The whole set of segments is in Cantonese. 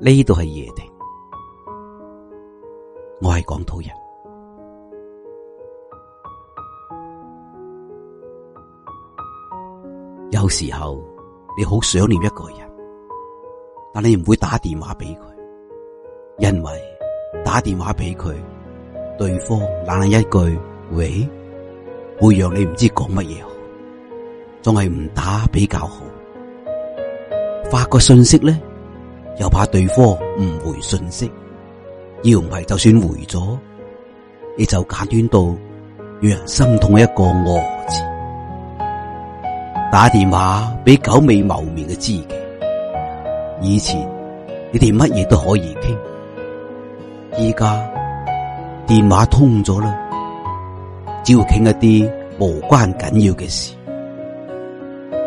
呢度係夜定。我係廣土人。有時候你好想念一個人，但你唔會打電話俾佢，因為打電話俾佢，對方懶懶一句喂，會讓你唔知講乜嘢好，仲係唔打比較好。發個信息咧。又怕對方唔回信息要唔係就算回咗，你就簡單到讓人心痛嘅一個惡字。打電話俾久未謀面嘅知己，以前你哋乜嘢都可以傾，依家電話通咗啦，只要傾一啲無關緊要嘅事，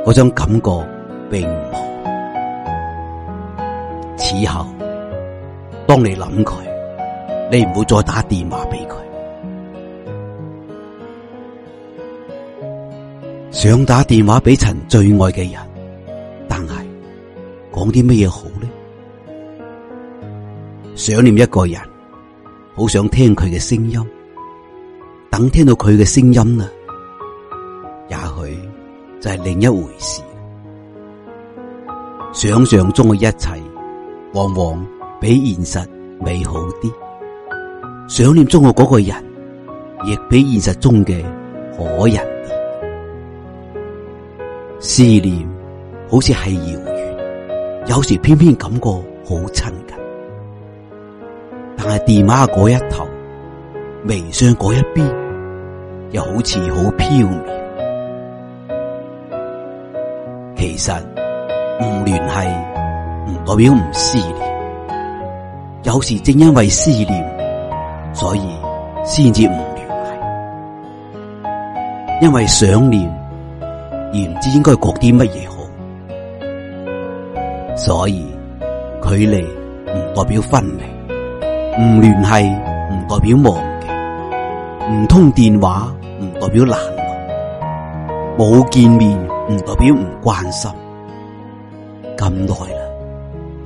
嗰種感覺並唔好。此後，當你諗佢，你唔會再打電話俾佢。想打電話俾陳最愛嘅人，但係講啲咩嘢好呢？想念一個人，好想聽佢嘅聲音。等聽到佢嘅聲音啊，也許就係另一回事。想象中嘅一切。往往比現實美好啲，想念中嘅嗰個人亦比現實中嘅可人。思念好似係遙遠，有時偏偏感覺好親近。但係電話嗰一頭，微信嗰一邊，又好似好飄渺。其實唔聯繫，唔代表唔思念，有時正因為思念，所以先至唔聯繫。因為想念而唔知應該講啲乜嘢好，所以距離唔代表分離，唔聯繫唔代表忘記，唔通電話唔代表冷漠，冇見面唔代表唔關心，咁耐啦。